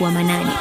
uaminifu wa Manane.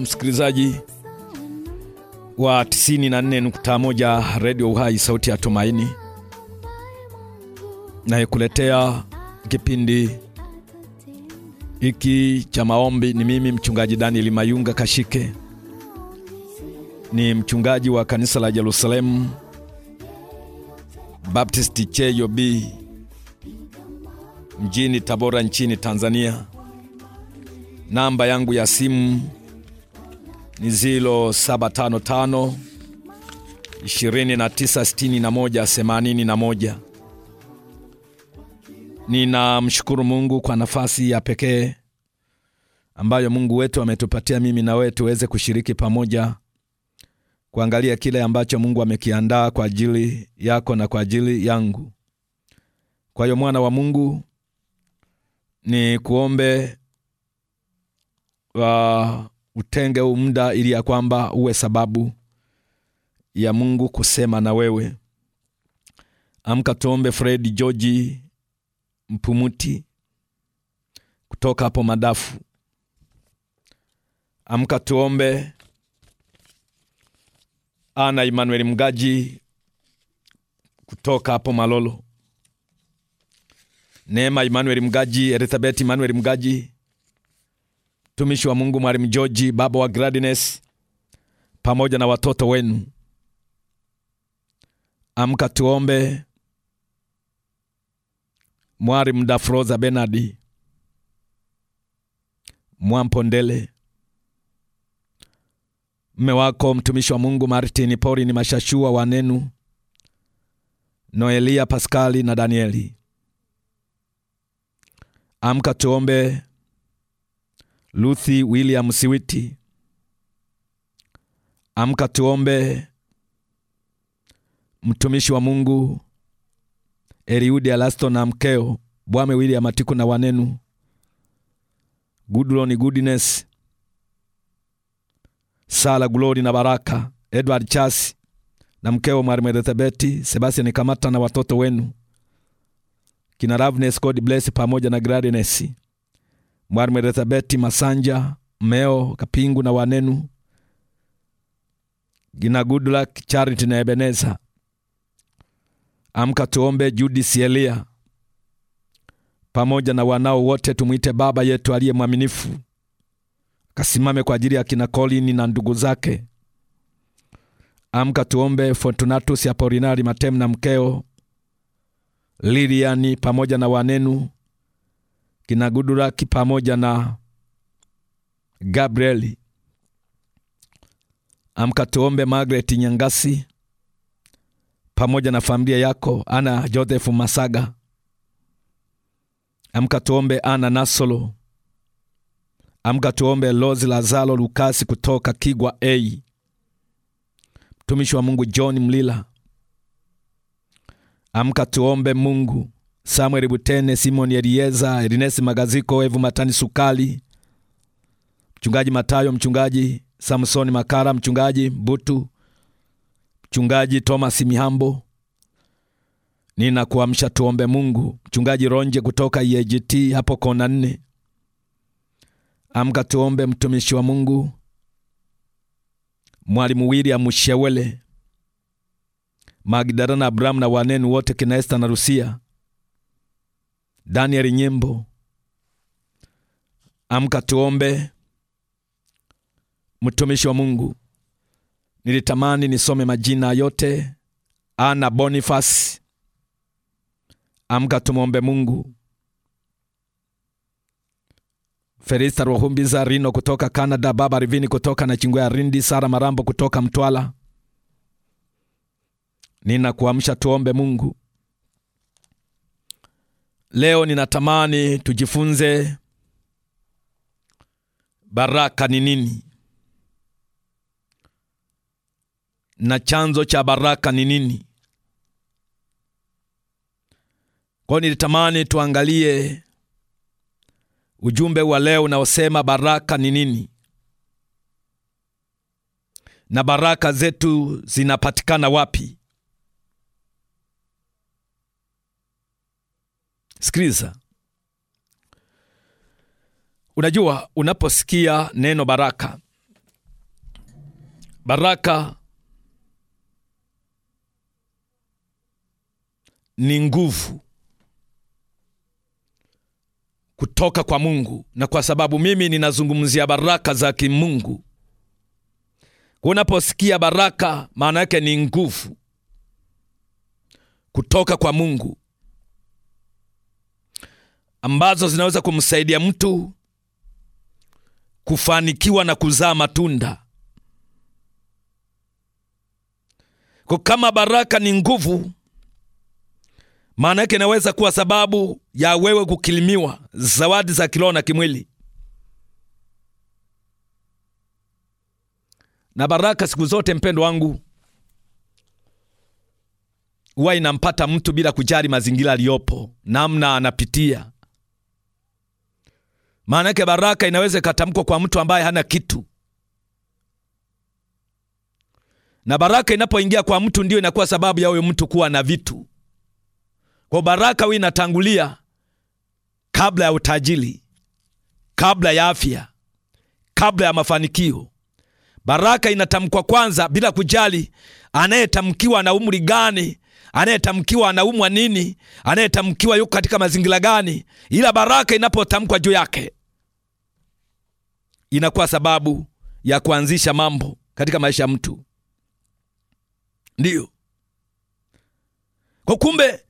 msikilizaji wa 94.1 Redio Uhai, sauti ya Tumaini, nayekuletea kipindi hiki cha maombi ni mimi mchungaji Daniel Mayunga Kashike, ni mchungaji wa kanisa la Jerusalemu Baptist Cheyo B mjini Tabora nchini Tanzania. Namba yangu ya simu ni zilo 755 296181. Ninamshukuru Mungu kwa nafasi ya pekee ambayo Mungu wetu ametupatia mimi na wewe tuweze kushiriki pamoja kuangalia kile ambacho Mungu amekiandaa kwa ajili yako na kwa ajili yangu. Kwa hiyo mwana wa Mungu, ni kuombe wa uh, Utenge huu muda ili ya kwamba uwe sababu ya Mungu kusema na wewe. Amka tuombe Fred George Mpumuti kutoka hapo Madafu. Amka tuombe Ana Emmanuel Mgaji kutoka hapo Malolo. Neema Emmanuel Mgaji, Elizabeth Emmanuel Mgaji mtumishi wa Mungu Mwalimu George, baba wa Gladness, pamoja na watoto wenu. Amka tuombe. Mwalimu Dafroza benardi Mwampondele, mme wako mtumishi wa Mungu Martin Pori ni Mashashua wanenu Noelia Paskali na Danieli. Amka tuombe. Luthi William Siwiti. Amka tuombe. Mtumishi wa Mungu Eliudi Alasto na mkeo Bwame William Atiku na wanenu Gudloni Goodness, Sala Glory na Baraka, Edward Chasi na mkeo Mwalimu Elizabeth Sebastian Kamata na watoto wenu kina Ravnes God bless pamoja na Gladness mwarimu Elizabeti Masanja, Meo Kapingu na Wanenu, Gina Goodluck, Charity na Ebeneza. Amka tuombe Judith Elia pamoja na wanao wote, tumwite Baba yetu aliye mwaminifu, kasimame kwa ajili ya kina Colin na ndugu zake. Amka tuombe Fortunatus Apolinari Matemu na mkeo Liliani pamoja na wanenu kinagundulaki pamoja na Gabrieli. Amka tuombe Margaret Nyangasi pamoja na familia yako, Ana Josefu Masaga. Amka tuombe Ana Nasolo. Amka tuombe Lozi Lazalo Lukasi kutoka Kigwa A, mtumishi wa Mungu John Mlila. Amka tuombe Mungu Samuel Butene, Simon Elieza, Ernest Magaziko, Evu Matani Sukali, mchungaji Matayo, mchungaji Samsoni Makara, mchungaji Butu, mchungaji Thomas Mihambo. Ninakuamsha tuombe Mungu. Mchungaji Ronje kutoka EAGT hapo kona nne, amka tuombe mtumishi wa Mungu. Mwalimu William Mushewele, Magdalena Abrahamu na wanenu wote, kinaesta na Rusia Daniel Nyimbo. Amka tuombe. Mtumishi wa Mungu, nilitamani nisome majina yote. Ana Bonifasi, amka tumwombe Mungu. ferista Ruhumbiza Rino kutoka Canada, Baba Rivini kutoka Nachingwea Rindi, Sara Marambo kutoka Mtwala. Ninakuamsha tuombe Mungu. Leo ninatamani tujifunze baraka ni nini na chanzo cha baraka ni nini. Kwa hiyo nilitamani tuangalie ujumbe wa leo unaosema baraka ni nini na baraka zetu zinapatikana wapi. Sikiliza, unajua unaposikia neno baraka, baraka ni nguvu kutoka kwa Mungu, na kwa sababu mimi ninazungumzia baraka za kimungu, unaposikia baraka, maana yake ni nguvu kutoka kwa Mungu ambazo zinaweza kumsaidia mtu kufanikiwa na kuzaa matunda. Kwa kama baraka ni nguvu, maana yake inaweza kuwa sababu ya wewe kukilimiwa zawadi za kiroho na kimwili. Na baraka siku zote, mpendo wangu, huwa inampata mtu bila kujali mazingira aliyopo, namna anapitia maana yake baraka inaweza ikatamkwa kwa mtu ambaye hana kitu, na baraka inapoingia kwa mtu ndio inakuwa sababu ya huyo mtu kuwa na vitu. Kwa baraka huyu inatangulia kabla ya utajiri, kabla ya afya, kabla ya mafanikio. Baraka inatamkwa kwanza, bila kujali anayetamkiwa na umri gani, anayetamkiwa anaumwa nini, anayetamkiwa yuko katika mazingira gani, ila baraka inapotamkwa juu yake inakuwa sababu ya kuanzisha mambo katika maisha ya mtu. Ndiyo kwa kumbe,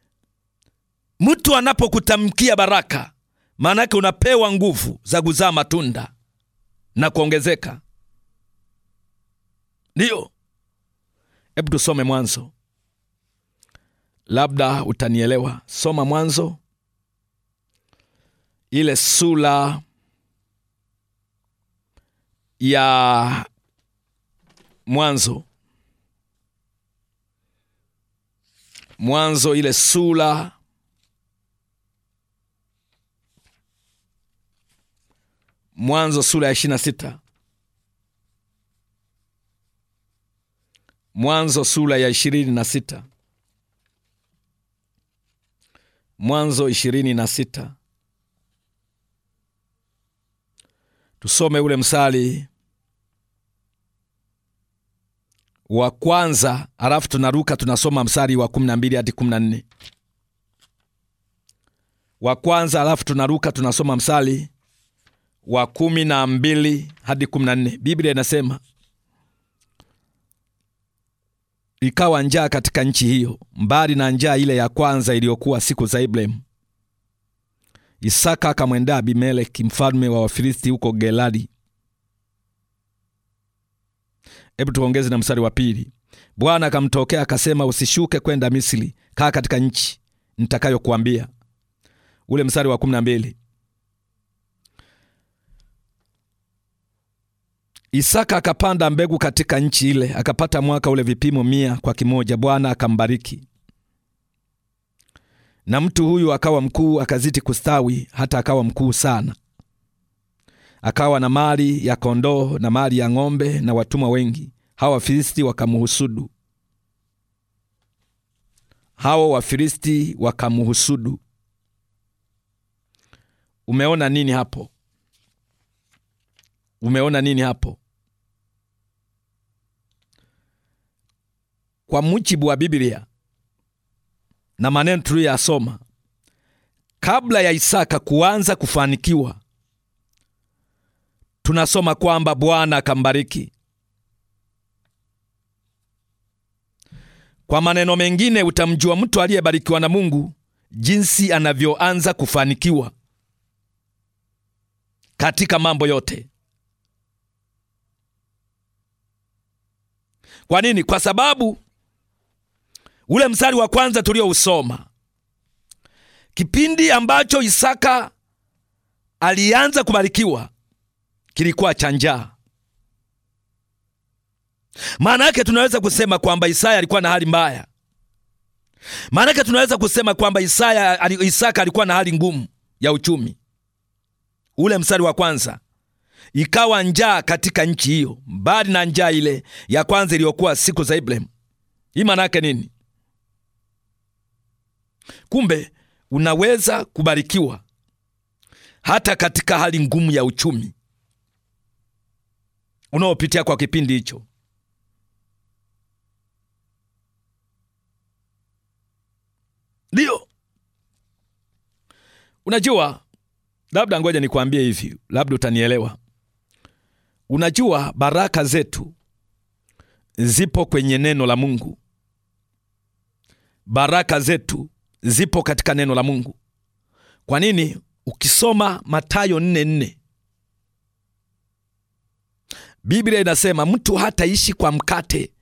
mtu anapokutamkia baraka, maana yake unapewa nguvu za kuzaa matunda na kuongezeka. Ndiyo, hebu tusome Mwanzo, labda utanielewa. Soma Mwanzo ile sura ya Mwanzo, Mwanzo ile sura Mwanzo sura ya ishirini na sita Mwanzo sura ya ishirini na sita Mwanzo ishirini na sita tusome ule msali wa kwanza, alafu tunaruka tunasoma msari wa 12 hadi 14. Wa kwanza, alafu tunaruka tunasoma msari wa 12 hadi 14. Biblia inasema ikawa njaa katika nchi hiyo, mbali na njaa ile ya kwanza iliyokuwa siku za Ibrahimu. Isaka akamwendea Abimeleki mfalme wa Wafilisti huko Gerari Hebu tuongeze na mstari wa pili. Bwana akamtokea akasema, usishuke kwenda Misri, kaa katika nchi nitakayokuambia. Ule mstari wa kumi mbili Isaka akapanda mbegu katika nchi ile, akapata mwaka ule vipimo mia kwa kimoja. Bwana akambariki na mtu huyu akawa mkuu, akaziti kustawi hata akawa mkuu sana. Akawa na mali ya kondoo na mali ya ng'ombe na watumwa wengi. Hawa Wafilisti wakamuhusudu, hawa Wafilisti wakamuhusudu Umeona nini hapo? Umeona nini hapo? Kwa mujibu wa Biblia na maneno tuliyoyasoma, kabla ya Isaka kuanza kufanikiwa tunasoma kwamba Bwana akambariki. Kwa maneno mengine, utamjua mtu aliyebarikiwa na Mungu jinsi anavyoanza kufanikiwa katika mambo yote. Kwa nini? Kwa sababu ule mstari wa kwanza tuliousoma, kipindi ambacho Isaka alianza kubarikiwa kilikuwa cha njaa. Maana yake tunaweza kusema kwamba Isaya alikuwa na hali mbaya. Maana yake tunaweza kusema kwamba Isaya, Isaka alikuwa na hali ngumu ya uchumi. Ule mstari wa kwanza, ikawa njaa katika nchi hiyo, mbali na njaa ile ya kwanza iliyokuwa siku za Ibrahimu. Hii maana yake nini? Kumbe unaweza kubarikiwa hata katika hali ngumu ya uchumi unaopitia kwa kipindi hicho. Ndio unajua, labda ngoja nikuambie hivi, labda utanielewa. Unajua, baraka zetu zipo kwenye neno la Mungu. Baraka zetu zipo katika neno la Mungu. Kwa nini? Ukisoma Mathayo nne nne Biblia inasema mtu hataishi kwa mkate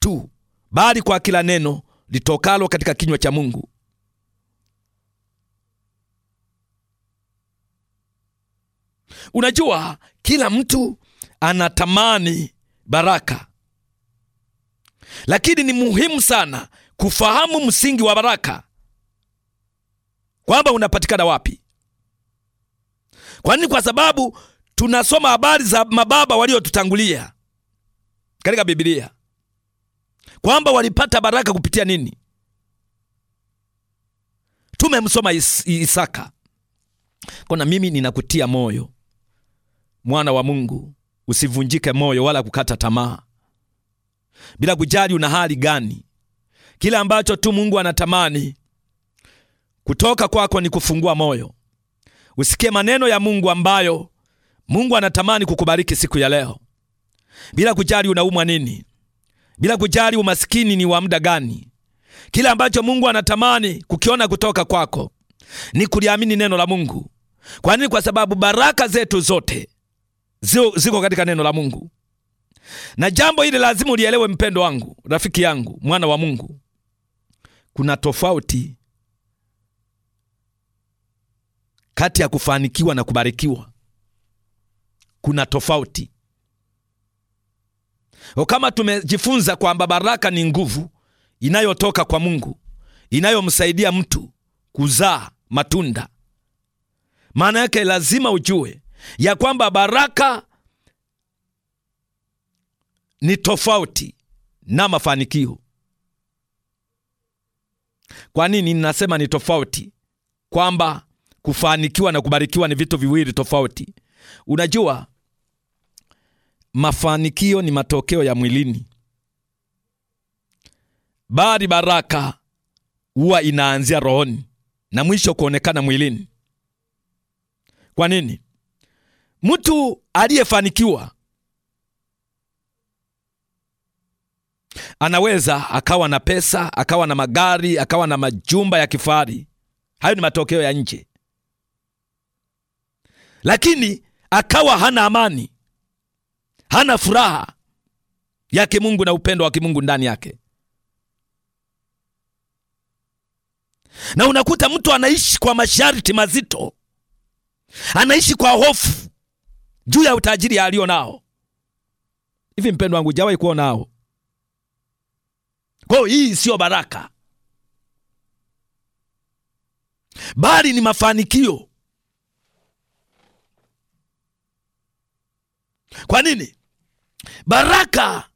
tu, bali kwa kila neno litokalo katika kinywa cha Mungu. Unajua, kila mtu anatamani baraka, lakini ni muhimu sana kufahamu msingi wa baraka kwamba unapatikana wapi, nini? kwa sababu tunasoma habari za mababa waliotutangulia katika Biblia kwamba walipata baraka kupitia nini? Tumemsoma is, Isaka. Kona mimi ninakutia moyo mwana wa Mungu, usivunjike moyo wala kukata tamaa, bila kujali una hali gani. Kila ambacho tu Mungu anatamani kutoka kwako ni kufungua moyo, usikie maneno ya Mungu ambayo Mungu anatamani kukubariki siku ya leo, bila kujali unaumwa nini, bila kujali umaskini ni wa muda gani. Kila ambacho Mungu anatamani kukiona kutoka kwako ni kuliamini neno la Mungu. Kwa nini? Kwa sababu baraka zetu zote ziko katika neno la Mungu, na jambo hili lazima ulielewe, mpendo wangu, rafiki yangu, mwana wa Mungu. Kuna tofauti kati ya kufanikiwa na kubarikiwa kuna tofauti. O, kama tumejifunza kwamba baraka ni nguvu inayotoka kwa Mungu inayomsaidia mtu kuzaa matunda, maana yake lazima ujue ya kwamba baraka ni tofauti na mafanikio. Kwa nini ninasema ni tofauti? Kwamba kufanikiwa na kubarikiwa ni vitu viwili tofauti. Unajua, mafanikio ni matokeo ya mwilini, bali baraka huwa inaanzia rohoni na mwisho kuonekana mwilini. Kwa nini? Mtu aliyefanikiwa anaweza akawa na pesa, akawa na magari, akawa na majumba ya kifahari. Hayo ni matokeo ya nje, lakini akawa hana amani hana furaha ya kimungu na upendo wa kimungu ndani yake, na unakuta mtu anaishi kwa masharti mazito, anaishi kwa hofu juu ya utajiri alio nao. Hivi mpendo wangu, jawahi kuona nao? Kwa hii siyo baraka, bali ni mafanikio. Kwa nini? Baraka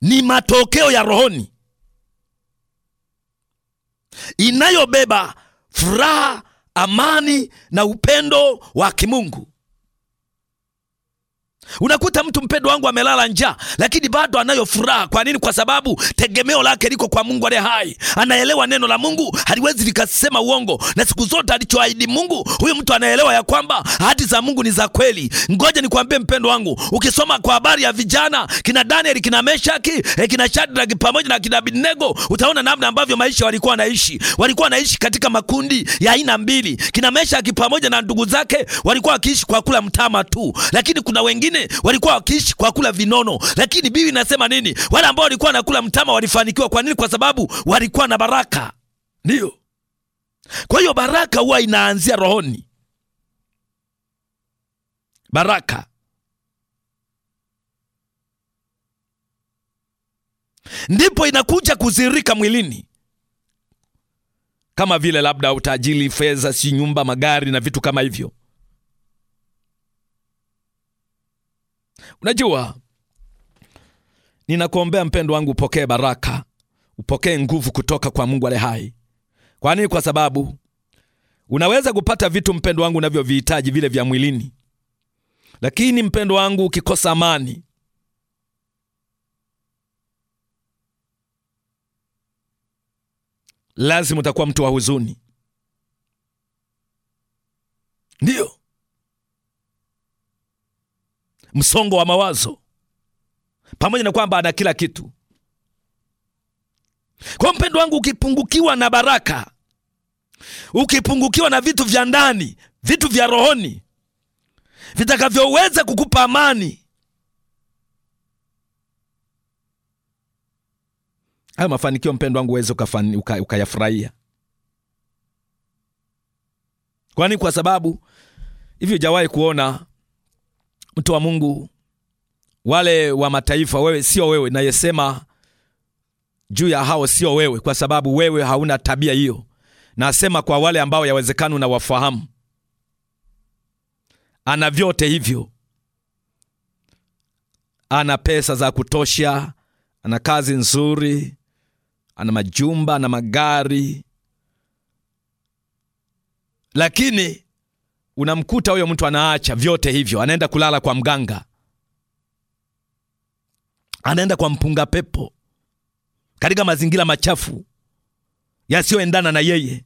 ni matokeo ya rohoni inayobeba furaha, amani na upendo wa kimungu. Unakuta mtu mpendo wangu amelala wa njaa, lakini bado anayo furaha. Kwa nini? Kwa sababu tegemeo lake liko kwa Mungu aliye hai. Anaelewa neno la Mungu, haliwezi likasema uongo, na siku zote alichoahidi Mungu, huyu mtu anaelewa ya kwamba ahadi za Mungu ni za kweli. Ngoja nikwambie mpendo wangu, ukisoma kwa habari ya vijana kina Danieli, kina Meshaki, eh, kina Shadraki pamoja na kina Abednego, utaona namna ambavyo maisha walikuwa wanaishi. Walikuwa wanaishi katika makundi ya aina mbili. Kina Meshaki pamoja na ndugu zake walikuwa wakiishi kwa kula mtama tu, lakini kuna wengine wengine yaani, walikuwa wakiishi kwa kula vinono, lakini bibi nasema nini? Wale ambao walikuwa nakula mtama walifanikiwa. Kwa nini? Kwa sababu walikuwa na baraka. ndio kwa hiyo baraka huwa inaanzia rohoni. Baraka ndipo inakuja kuzirika mwilini, kama vile labda utajiri, fedha, si nyumba, magari na vitu kama hivyo. Unajua, ninakuombea mpendo wangu, upokee baraka, upokee nguvu kutoka kwa Mungu ale hai. Kwa nini? Kwa sababu unaweza kupata vitu mpendo wangu unavyovihitaji vile vya mwilini, lakini mpendo wangu, ukikosa amani lazima utakuwa mtu wa huzuni. Ndiyo, msongo wa mawazo, pamoja na kwamba ana kila kitu. Kwa mpendo wangu, ukipungukiwa na baraka, ukipungukiwa na vitu vya ndani, vitu vya rohoni vitakavyoweza kukupa amani, hayo mafanikio mpendo wangu uweze ukayafurahia, uka kwani kwa sababu hivyo, jawahi kuona mtu wa Mungu, wale wa mataifa, wewe sio wewe. Nayesema juu ya hao sio wewe, kwa sababu wewe hauna tabia hiyo. Nasema kwa wale ambao yawezekano na wafahamu, ana vyote hivyo, ana pesa za kutosha, ana kazi nzuri, ana majumba, ana magari, lakini unamkuta huyo mtu anaacha vyote hivyo, anaenda kulala kwa mganga, anaenda kwa mpunga pepo, katika mazingira machafu yasiyoendana na yeye.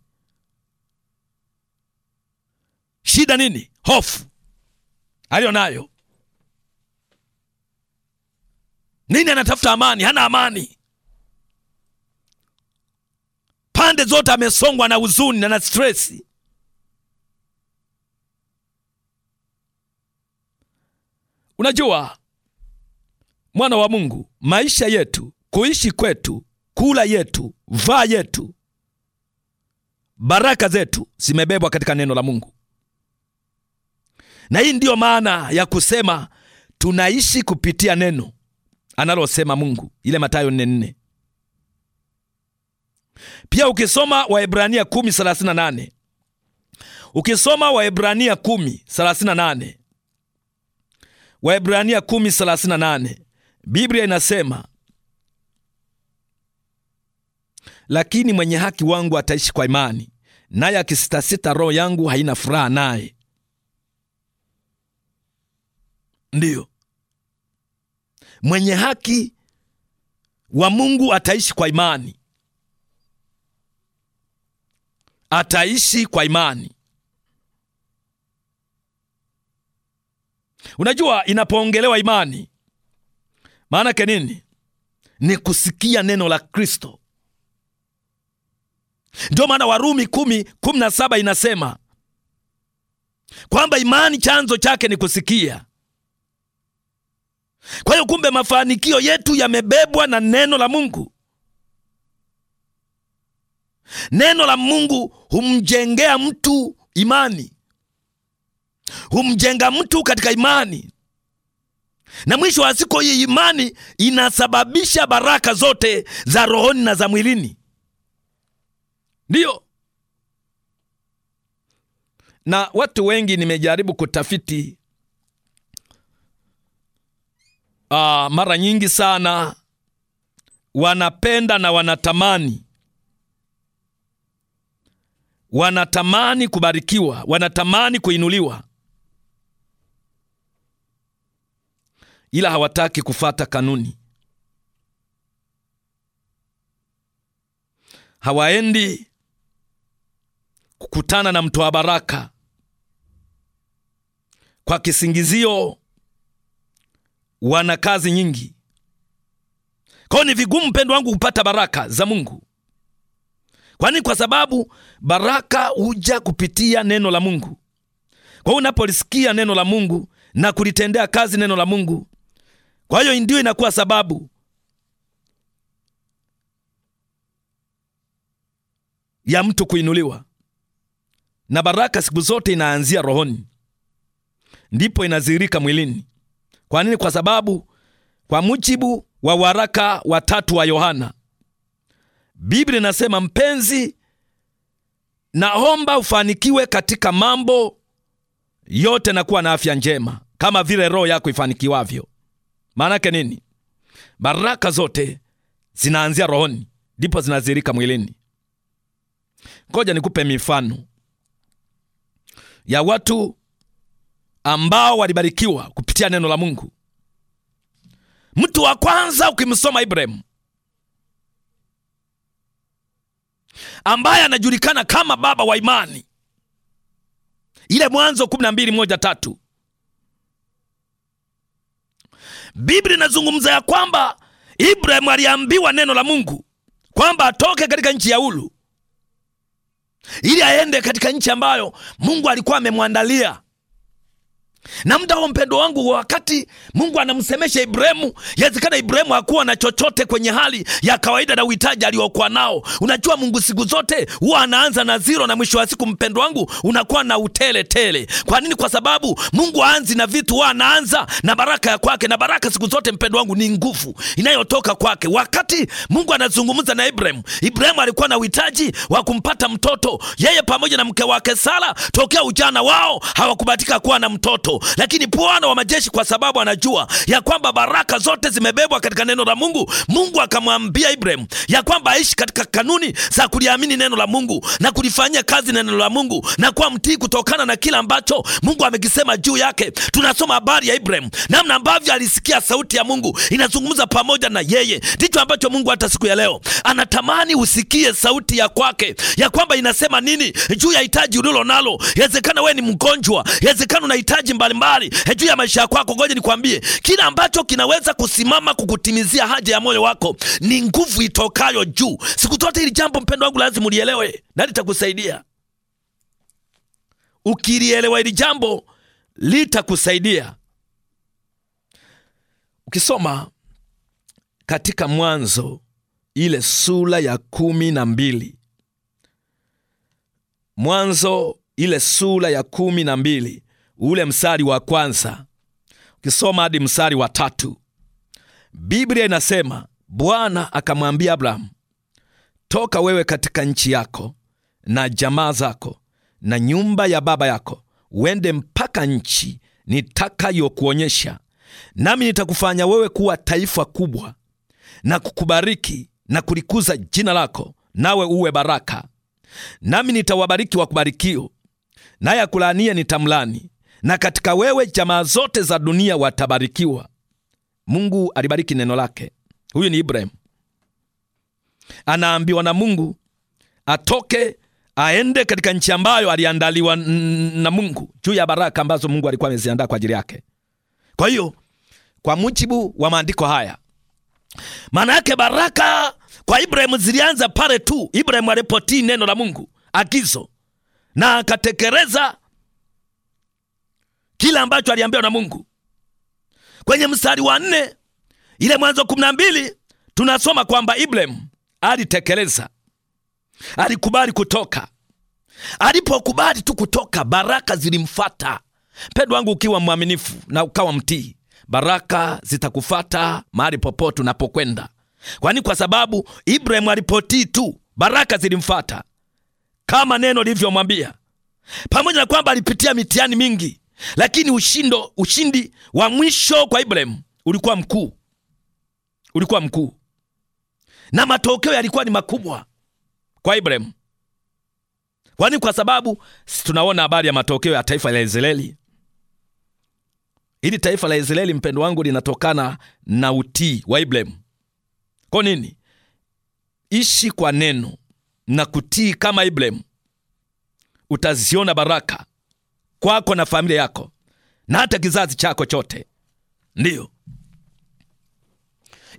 Shida nini? Hofu aliyo nayo nini? Anatafuta amani, hana amani. Pande zote amesongwa na huzuni na na stresi Unajua mwana wa Mungu, maisha yetu, kuishi kwetu, kula yetu, vaa yetu, baraka zetu zimebebwa katika neno la Mungu, na hii ndiyo maana ya kusema tunaishi kupitia neno analosema Mungu, ile Mathayo 4:4. Pia ukisoma Waebrania 10:38 ukisoma Waebrania 10:38 Waebrania 10:38 Biblia inasema, lakini mwenye haki wangu ataishi kwa imani, naye akisitasita, roho yangu haina furaha naye. Ndiyo, mwenye haki wa Mungu ataishi kwa imani, ataishi kwa imani. Unajua, inapoongelewa imani maana yake nini? Ni kusikia neno la Kristo. Ndio maana Warumi kumi kumi na saba inasema kwamba imani chanzo chake ni kusikia. Kwa hiyo kumbe, mafanikio yetu yamebebwa na neno la Mungu. Neno la Mungu humjengea mtu imani humjenga mtu katika imani, na mwisho wa siku hii imani inasababisha baraka zote za rohoni na za mwilini. Ndiyo, na watu wengi nimejaribu kutafiti Aa, ah, mara nyingi sana wanapenda na wanatamani, wanatamani kubarikiwa, wanatamani kuinuliwa, ila hawataki kufata kanuni. Hawaendi kukutana na mtoa baraka kwa kisingizio, wana kazi nyingi. hiyo ni vigumu, mpendo wangu, kupata baraka za Mungu, kwani kwa sababu baraka huja kupitia neno la Mungu. Kwa hiyo unapolisikia neno la Mungu na kulitendea kazi neno la Mungu, kwa hiyo ndio inakuwa sababu ya mtu kuinuliwa, na baraka siku zote inaanzia rohoni, ndipo inazirika mwilini. Kwa nini? Kwa sababu kwa mujibu wa waraka wa tatu wa Yohana, Biblia inasema mpenzi, naomba ufanikiwe katika mambo yote na kuwa na afya njema kama vile roho yako ifanikiwavyo. Maana yake nini? Baraka zote zinaanzia rohoni, ndipo zinazirika mwilini. Ngoja nikupe mifano ya watu ambao walibarikiwa kupitia neno la Mungu. Mtu wa kwanza ukimsoma Ibrahimu ambaye anajulikana kama baba wa imani, ile Mwanzo kumi na mbili moja tatu Biblia inazungumza ya kwamba Ibrahimu aliambiwa neno la Mungu kwamba atoke katika nchi ya Uru ili aende katika nchi ambayo Mungu alikuwa amemwandalia na muda wa mpendo wangu, wakati Mungu anamsemesha Ibrahimu, yawezekana Ibrahimu hakuwa na chochote kwenye hali ya kawaida na uhitaji aliokuwa nao. Unajua, Mungu siku zote huwa anaanza na ziro na mwisho wa siku, mpendo wangu, unakuwa na utele tele. Kwa nini? Kwa sababu Mungu aanzi na vitu, huwa anaanza na baraka ya kwake, na baraka siku zote, mpendo wangu, ni nguvu inayotoka kwake. Wakati Mungu anazungumza na Ibrahimu, Ibrahimu alikuwa na uhitaji wa kumpata mtoto, yeye pamoja na mke wake Sara. Tokea ujana wao hawakubatika kuwa na mtoto yako. Lakini Bwana wa majeshi, kwa sababu anajua ya kwamba baraka zote zimebebwa katika neno la Mungu, Mungu akamwambia Ibrahimu ya kwamba aishi katika kanuni za kuliamini neno la Mungu na kulifanyia kazi neno la Mungu na kuwa mtii kutokana na kila ambacho Mungu amekisema juu yake. Tunasoma habari ya Ibrahimu, namna ambavyo alisikia sauti ya Mungu inazungumza pamoja na yeye. Ndicho ambacho Mungu hata siku ya leo anatamani usikie sauti ya kwake, ya kwamba inasema nini juu ya hitaji ulilo nalo. Yawezekana wewe ni mgonjwa, yawezekana unahitaji mbalimbali eh, juu ya maisha yako. Ngoja nikwambie, kila ambacho kinaweza kusimama kukutimizia haja ya moyo wako ni nguvu itokayo juu. Siku zote hili jambo, mpendo wangu, lazima ulielewe na litakusaidia. Ukilielewa hili jambo litakusaidia. Ukisoma katika Mwanzo ile sura ya kumi na mbili Mwanzo ile sura ya kumi na mbili ule msari wa kwanza ukisoma hadi msari wa tatu Biblia inasema Bwana akamwambia Abrahamu, toka wewe katika nchi yako na jamaa zako na nyumba ya baba yako, uende mpaka nchi nitakayokuonyesha, nami nitakufanya wewe kuwa taifa kubwa na kukubariki na kulikuza jina lako, nawe uwe baraka. Nami nitawabariki wakubarikio, naye akulaniye nitamlani, na katika wewe jamaa zote za dunia watabarikiwa. Mungu alibariki neno lake. Huyu ni ibrahimu anaambiwa na Mungu atoke aende katika nchi ambayo aliandaliwa na Mungu juu ya baraka ambazo Mungu alikuwa ameziandaa kwa ajili yake. Kwa hiyo kwa mujibu wa maandiko haya, maana yake baraka kwa Ibrahimu zilianza pale tu Ibrahimu alipotii neno la Mungu, agizo, na akatekeleza kila ambacho aliambiwa na Mungu. Kwenye mstari wa nne ile Mwanzo kumi na mbili tunasoma kwamba Ibrahimu alitekeleza, alikubali kutoka. Alipokubali tu kutoka, baraka zilimfata. Mpendwa wangu, ukiwa mwaminifu na ukawa mtii, baraka zitakufata mahali popote unapokwenda, kwani kwa sababu Ibrahimu alipotii tu, baraka zilimfata kama neno lilivyomwambia, pamoja na kwamba alipitia mitihani mingi lakini ushindo, ushindi wa mwisho kwa Ibrahimu ulikuwa mkuu, ulikuwa mkuu na matokeo yalikuwa ni makubwa kwa Ibrahimu, kwani kwa sababu tunaona habari ya matokeo ya taifa la Israeli. Hili taifa la Israeli, mpendo wangu, linatokana na utii wa Ibrahimu. Kwa nini? Ishi kwa neno na kutii kama Ibrahimu, utaziona baraka kwako na familia yako na hata kizazi chako chote. Ndiyo,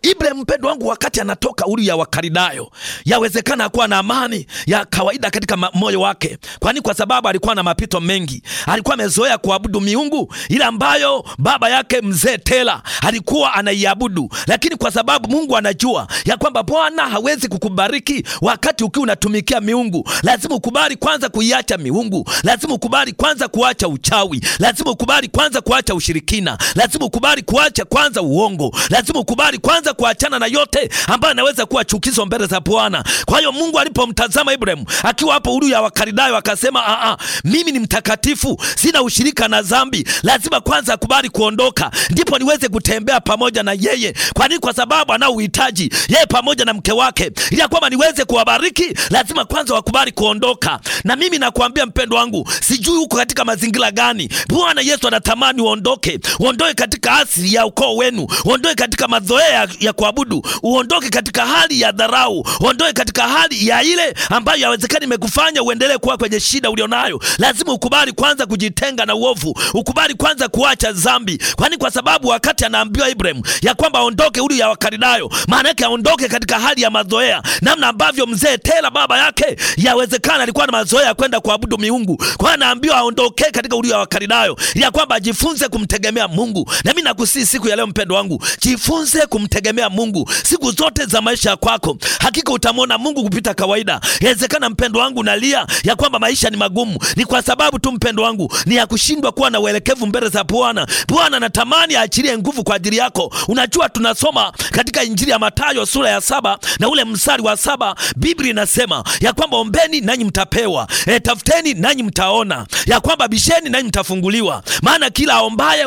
Ibrahim mpendwa wangu, wakati anatoka ulu ya Wakaridayo, yawezekana akuwa na amani ya kawaida katika moyo wake, kwani kwa sababu alikuwa na mapito mengi. Alikuwa amezoea kuabudu miungu ile ambayo baba yake mzee Tela alikuwa anaiabudu, lakini kwa sababu Mungu anajua ya kwamba Bwana hawezi kukubariki wakati ukiwa unatumikia miungu. Lazima ukubali kwanza kuiacha miungu, lazima ukubali kwanza kuacha uchawi, lazima ukubali kwanza kuacha ushirikina, lazima ukubali kuacha kwanza uongo, lazima ukubali kwanza kuweza kuachana na yote ambayo anaweza kuwa chukizo mbele za Bwana. Kwa hiyo Mungu alipomtazama Ibrahim akiwa hapo huru ya Wakaridayo akasema, aa, ah, ah, mimi ni mtakatifu, sina ushirika na dhambi. Lazima kwanza akubali kuondoka, ndipo niweze kutembea pamoja na yeye. Kwa nini? Kwa sababu anao uhitaji yeye pamoja na mke wake. Ili kwamba niweze kuwabariki, lazima kwanza wakubali kuondoka. Na mimi nakwambia mpendo wangu, sijui uko katika mazingira gani. Bwana Yesu anatamani uondoke, uondoe katika asili ya ukoo wenu, uondoe katika mazoea ya kuabudu, uondoke katika hali ya dharau, uondoke katika hali ya ile ambayo yawezekani imekufanya uendelee kuwa kwenye shida ulionayo. Lazima ukubali kwanza kujitenga na uovu, ukubali kwanza kuacha dhambi, kwani kwa sababu wakati anaambiwa Ibrahim ya kwamba aondoke huyu ya Wakaridayo, maana yake aondoke katika hali ya mazoea, namna ambavyo mzee Tera baba yake yawezekana alikuwa na mazoea ya kwenda kuabudu miungu, kwa anaambiwa aondoke katika huyu ya Wakaridayo, ya kwamba ajifunze kumtegemea Mungu. Na mimi nakusii siku ya leo mpendo wangu, jifunze kumtegemea kumtegemea Mungu siku zote za maisha kwako, hakika utamwona Mungu kupita kawaida. Yawezekana mpendo wangu, nalia ya kwamba maisha ni magumu, ni kwa sababu tu mpendo wangu ni ya kushindwa kuwa na uelekevu mbele za Bwana. Bwana natamani aachilie nguvu kwa ajili yako. Unajua, tunasoma katika Injili ya Mathayo sura ya saba na ule mstari wa saba Biblia inasema ya kwamba ombeni nanyi mtapewa, e, tafuteni nanyi mtaona, ya kwamba bisheni nanyi mtafunguliwa, maana kila ombaye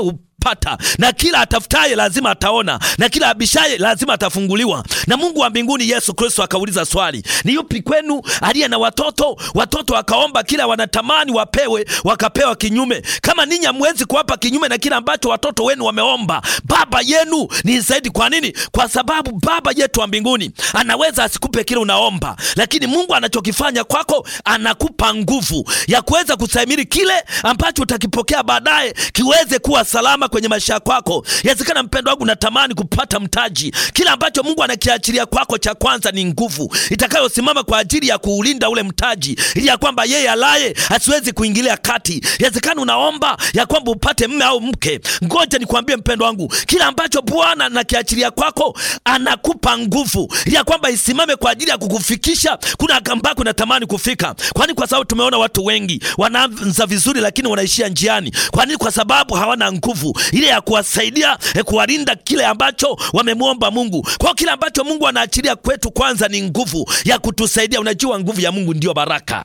atapata, na kila atafutaye lazima ataona, na kila abishaye lazima atafunguliwa. Na Mungu wa mbinguni Yesu Kristo akauliza swali, ni yupi kwenu aliye na watoto, watoto wakaomba kila wanatamani wapewe, wakapewa kinyume? Kama ninyi hamwezi kuwapa kinyume na kila ambacho watoto wenu wameomba, baba yenu ni zaidi. Kwa nini? Kwa sababu baba yetu wa mbinguni anaweza asikupe kile unaomba, lakini Mungu anachokifanya kwako, anakupa nguvu ya kuweza kustahimili kile ambacho utakipokea baadaye kiweze kuwa salama kwenye maisha ya kwako. Yawezekana mpendo wangu, natamani kupata mtaji. Kila ambacho Mungu anakiachilia kwako, cha kwanza ni nguvu itakayosimama kwa ajili ya kuulinda ule mtaji, ili ya kwamba yeye alaye asiwezi kuingilia kati. Yawezekana unaomba ya kwamba upate mme au mke. Ngoja nikwambie mpendo wangu, kila ambacho Bwana anakiachilia kwako, anakupa nguvu ya kwamba isimame kwa ajili ya kukufikisha kuna ambako natamani kufika. Kwani kwa sababu tumeona watu wengi wanaanza vizuri, lakini wanaishia njiani. Kwani kwa sababu hawana nguvu ile ya kuwasaidia eh, kuwalinda kile ambacho wamemwomba Mungu. Kwa kile ambacho Mungu anaachilia kwetu, kwanza ni nguvu ya kutusaidia. Unajua, nguvu ya Mungu ndiyo baraka.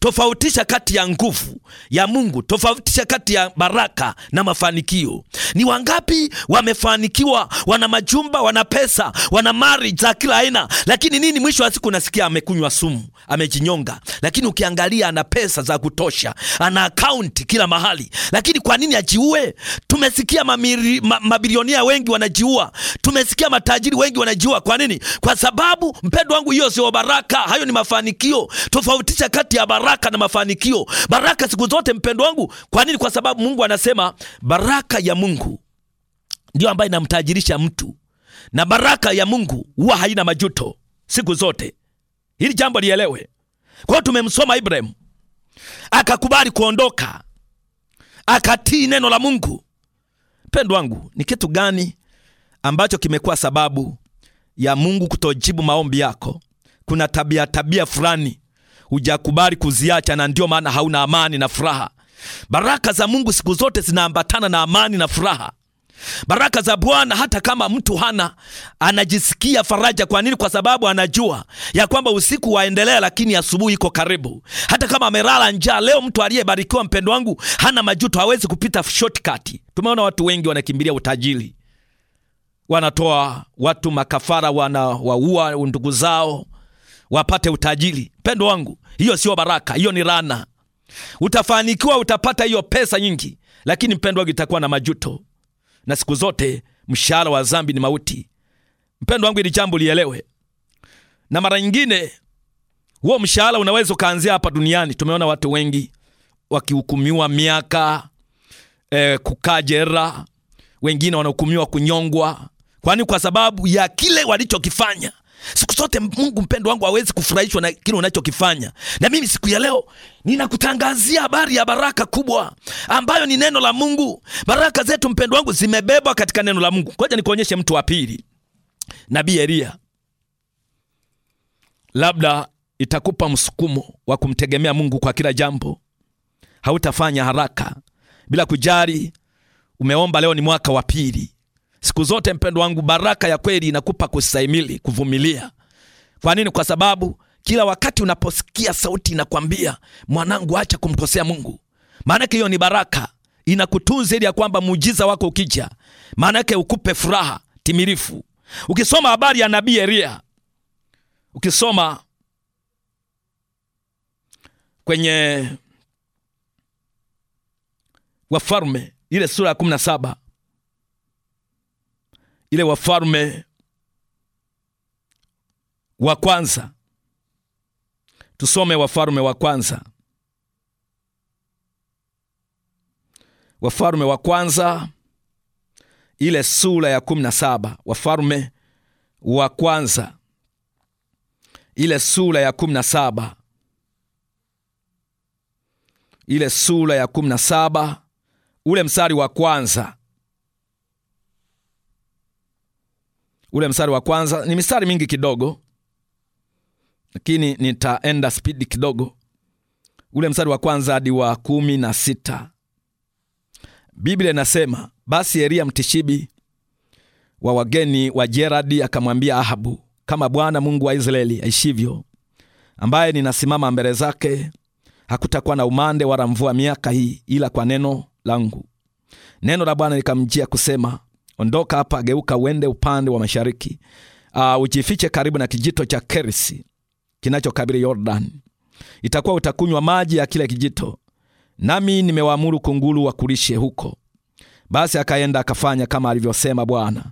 Tofautisha kati ya nguvu ya Mungu, tofautisha kati ya baraka na mafanikio. Ni wangapi wamefanikiwa, wana majumba, wana pesa, wana mali za kila aina, lakini nini? Mwisho wa siku unasikia amekunywa sumu, amejinyonga. Lakini ukiangalia ana pesa za kutosha, ana akaunti kila mahali, lakini kwa nini ajiue? Tumesikia mamiri, ma, mabilionia wengi wanajiua, tumesikia matajiri wengi wanajiua. Kwa nini? Kwa sababu mpendo wangu, hiyo sio baraka, hayo ni mafanikio. Tofautisha kati ya baraka baraka na mafanikio, baraka siku zote, mpendo wangu. Kwa nini? Kwa sababu Mungu anasema baraka ya Mungu ndio ambayo inamtajirisha mtu, na baraka ya Mungu huwa haina majuto siku zote. Hili jambo lielewe. Kwa hiyo tumemsoma Ibrahim akakubali kuondoka, akatii neno la Mungu. Mpendo wangu, ni kitu gani ambacho kimekuwa sababu ya Mungu kutojibu maombi yako? Kuna tabia tabia fulani hujakubali kuziacha, na ndio maana hauna amani na furaha. Baraka za Mungu siku zote zinaambatana na amani na furaha. Baraka za Bwana, hata kama mtu hana, anajisikia faraja. Kwa nini? Kwa sababu anajua ya kwamba usiku waendelea, lakini asubuhi iko karibu. Hata kama amelala njaa leo, mtu aliyebarikiwa, mpendo wangu, hana majuto, hawezi kupita shortcut. Tumeona watu wengi wanakimbilia utajiri, wanatoa watu makafara, wanawaua ndugu zao, wapate utajiri. Mpendo wangu, hiyo sio baraka, hiyo ni laana. Utafanikiwa, utapata hiyo pesa nyingi, lakini mpendo wangu, itakuwa na majuto, na siku zote mshahara wa dhambi ni mauti. Mpendo wangu, ili jambo lielewe, na mara nyingine huo mshahara unaweza ukaanzia hapa duniani. Tumeona watu wengi wakihukumiwa miaka e, kukaa jera, wengine wanahukumiwa kunyongwa, kwani kwa sababu ya kile walichokifanya Siku zote Mungu mpendo wangu hawezi kufurahishwa na kile unachokifanya. Na mimi siku ya leo ninakutangazia habari ya baraka kubwa ambayo ni neno la Mungu. Baraka zetu mpendo wangu zimebebwa katika neno la Mungu. Ngoja nikuonyeshe mtu wa pili, nabii Eliya, labda itakupa msukumo wa kumtegemea Mungu kwa kila jambo. Hautafanya haraka bila kujali umeomba leo ni mwaka wa pili Siku zote mpendo wangu, baraka ya kweli inakupa kustahimili, kuvumilia. Kwa nini? Kwa sababu kila wakati unaposikia sauti inakwambia mwanangu, acha kumkosea Mungu, maanake hiyo ni baraka inakutunza, ili ya kwamba muujiza wako ukija, maanake ukupe furaha timirifu. Ukisoma habari ya nabii Elia, ukisoma kwenye Wafalme ile sura ya 17 ile Wafalme wa kwanza, tusome Wafalme wa kwanza, Wafalme wa kwanza ile sura ya kumi na saba Wafalme wa kwanza ile sura ya kumi na saba ile sura ya kumi na saba ule msari wa kwanza ule mstari wa kwanza. Ni mistari mingi kidogo, lakini nitaenda spidi kidogo, ule mstari wa kwanza hadi wa kumi na sita. Biblia inasema basi eria mtishibi wa wageni wa Jeradi akamwambia Ahabu, kama Bwana Mungu wa Israeli aishivyo, ambaye ninasimama mbele zake, hakutakuwa na umande wala mvua miaka hii, ila kwa neno langu. Neno la Bwana likamjia kusema, Ondoka hapa, geuka uende upande wa mashariki, uh, ujifiche karibu na kijito cha Kerisi kinachokabili Yordani. Itakuwa utakunywa maji ya kile kijito, nami nimewaamuru kunguru wakulishe huko. Basi akaenda akafanya kama alivyosema Bwana,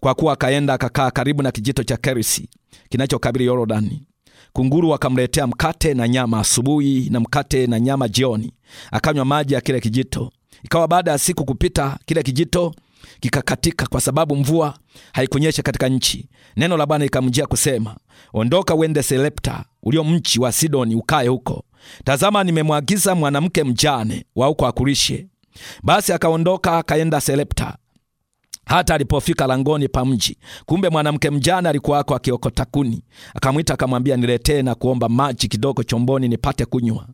kwa kuwa akaenda akakaa karibu na kijito cha Kerisi kinachokabili Yordani. Kunguru wakamletea mkate na nyama asubuhi na mkate na nyama jioni, akanywa maji ya kile kijito. Ikawa baada ya siku kupita, kile kijito kikakatika kwa sababu mvua haikunyesha katika nchi. Neno la Bwana likamjia kusema, ondoka uende Selepta ulio mchi wa Sidoni, ukaye huko. Tazama, nimemwagiza mwanamke mjane wa huko akulishe. Basi akaondoka akaenda Selepta. Hata alipofika langoni pa mji, kumbe mwanamke mjane alikuwako akiokota kuni. Akamwita akamwambia, niletee na kuomba maji kidogo chomboni nipate kunywa.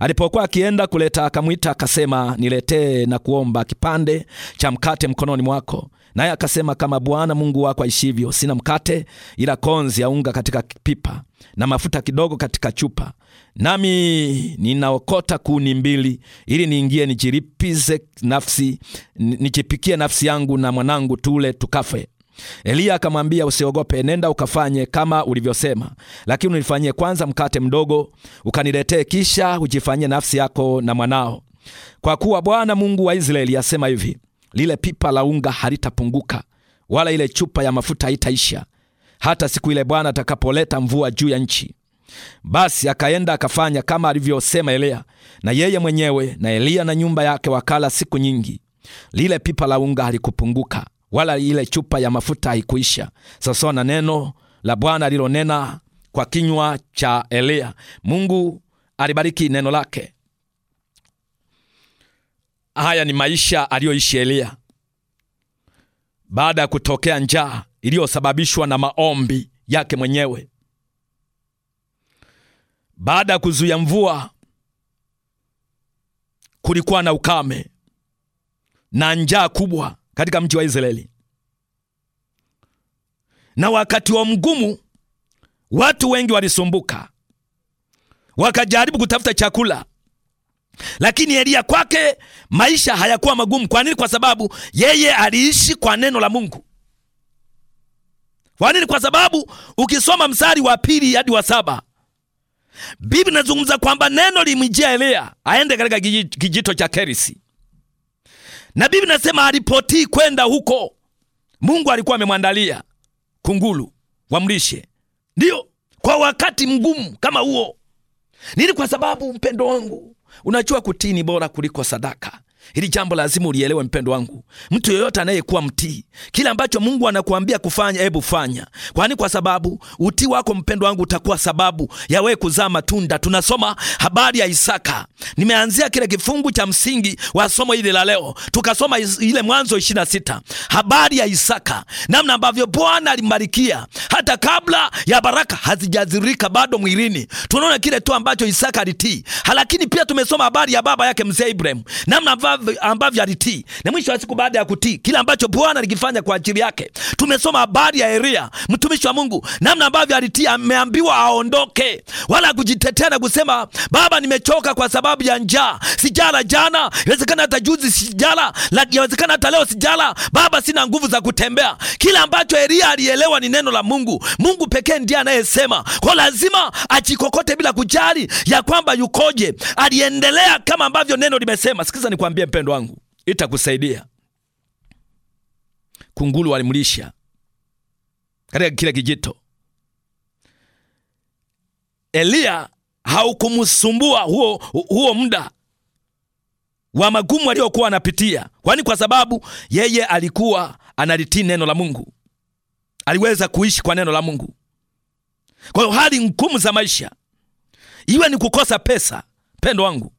Alipokuwa akienda kuleta, akamwita akasema, niletee na kuomba kipande cha mkate mkononi mwako. Naye akasema, kama Bwana Mungu wako aishivyo, sina mkate ila konzi ya unga katika pipa na mafuta kidogo katika chupa, nami ninaokota kuni mbili, ili niingie nijiripize nafsi, nijipikie nafsi yangu na mwanangu, tule tukafe. Eliya akamwambia, usiogope, nenda ukafanye kama ulivyosema, lakini unifanyie kwanza mkate mdogo ukaniletee, kisha ujifanyie nafsi yako na mwanao, kwa kuwa Bwana Mungu wa Israeli asema hivi, lile pipa la unga halitapunguka wala ile chupa ya mafuta haitaisha hata siku ile Bwana atakapoleta mvua juu ya nchi. Basi akaenda akafanya kama alivyosema Eliya, na yeye mwenyewe na Eliya na nyumba yake wakala siku nyingi, lile pipa la unga halikupunguka wala ile chupa ya mafuta haikuisha. Sasa na neno la Bwana alilonena kwa kinywa cha Eliya. Mungu alibariki neno lake. Haya ni maisha aliyoishi Eliya baada ya kutokea njaa iliyosababishwa na maombi yake mwenyewe, baada ya kuzuia mvua kulikuwa na ukame na njaa kubwa katika mji wa Israeli. Na wakati wa mgumu, watu wengi walisumbuka, wakajaribu kutafuta chakula, lakini Eliya kwake maisha hayakuwa magumu. Kwa nini? Kwa sababu yeye aliishi kwa neno la Mungu. Kwa nini? Kwa sababu ukisoma mstari wa pili hadi wa saba Biblia inazungumza kwamba neno limjia Eliya aende katika kijito cha Kerisi na Biblia nasema alipotii kwenda huko, Mungu alikuwa amemwandalia kunguru wamlishe, ndiyo kwa wakati mgumu kama huo. Nini? Kwa sababu mpendo wangu, unajua kutii ni bora kuliko sadaka. Hili jambo lazima ulielewe mpendo wangu. Mtu yeyote anayekuwa mtii, kila ambacho Mungu anakuambia kufanya, hebu fanya, kwani kwa sababu utii wako mpendo wangu utakuwa sababu ya wewe kuzaa matunda. Tunasoma habari ya Isaka, nimeanzia kile kifungu cha msingi wa somo hili la leo, tukasoma ile Mwanzo 26 habari ya Isaka, namna ambavyo Bwana alimbarikia hata kabla ya baraka hazijadhirika bado mwilini. Tunaona kile tu ambacho Isaka alitii, lakini pia tumesoma habari ya baba yake mzee Ibrahim, namna ambavyo ambavyo, ambavyo alitii na mwisho wa siku baada ya kutii kile ambacho Bwana alikifanya kwa ajili yake. Tumesoma habari ya Eria, mtumishi wa Mungu, namna ambavyo alitii. Ameambiwa aondoke, wala kujitetea na kusema baba, nimechoka kwa sababu ya njaa, sijala jana, inawezekana hata juzi sijala, inawezekana hata leo sijala, baba, sina nguvu za kutembea. Kila ambacho Eria alielewa ni neno la Mungu. Mungu pekee ndiye anayesema, kwa lazima achikokote bila kujali ya kwamba yukoje. Aliendelea kama ambavyo neno limesema. Sikiza nikwambie Niambie mpendo wangu, itakusaidia. Kunguru walimlisha katika kile kijito. Eliya haukumsumbua huo, huo muda wa magumu aliyokuwa anapitia, kwani kwa sababu yeye alikuwa analitii neno la Mungu, aliweza kuishi kwa neno la Mungu. Kwa hiyo hali ngumu za maisha, iwe ni kukosa pesa, mpendo wangu,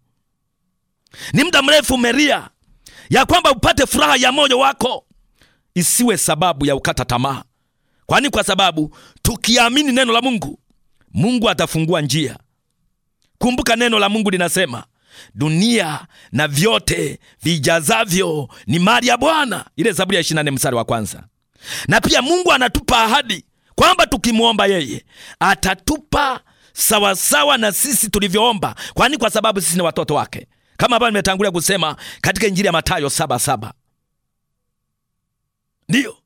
ni muda mrefu umelia ya kwamba upate furaha ya moyo wako isiwe sababu ya ukata tamaa, kwani kwa sababu tukiamini neno la Mungu, Mungu atafungua njia. Kumbuka neno la Mungu linasema dunia na vyote vijazavyo ni mali ya Bwana, ile Zaburi ya 24 mstari wa kwanza. Na pia Mungu anatupa ahadi kwamba tukimwomba yeye atatupa sawasawa na sisi tulivyoomba, kwani kwa sababu sisi ni watoto wake kama ambavyo nimetangulia kusema katika Injili ya Mathayo saba saba. Ndiyo,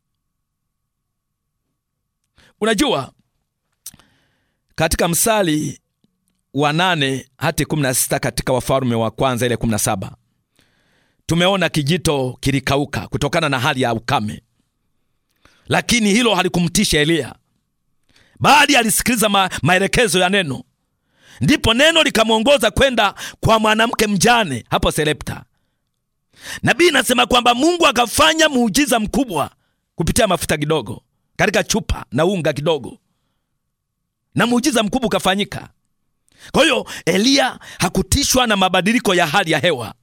unajua katika msali wa nane hadi kumi na sita katika Wafalme wa Kwanza ile kumi na saba tumeona kijito kilikauka kutokana na hali ya ukame, lakini hilo halikumtisha Eliya, bali alisikiliza ma maelekezo ya neno Ndipo neno likamwongoza kwenda kwa mwanamke mjane hapo selepta Nabii inasema kwamba Mungu akafanya muujiza mkubwa kupitia mafuta kidogo katika chupa na unga kidogo, na muujiza mkubwa ukafanyika. Kwa hiyo Eliya hakutishwa na mabadiliko ya hali ya hewa,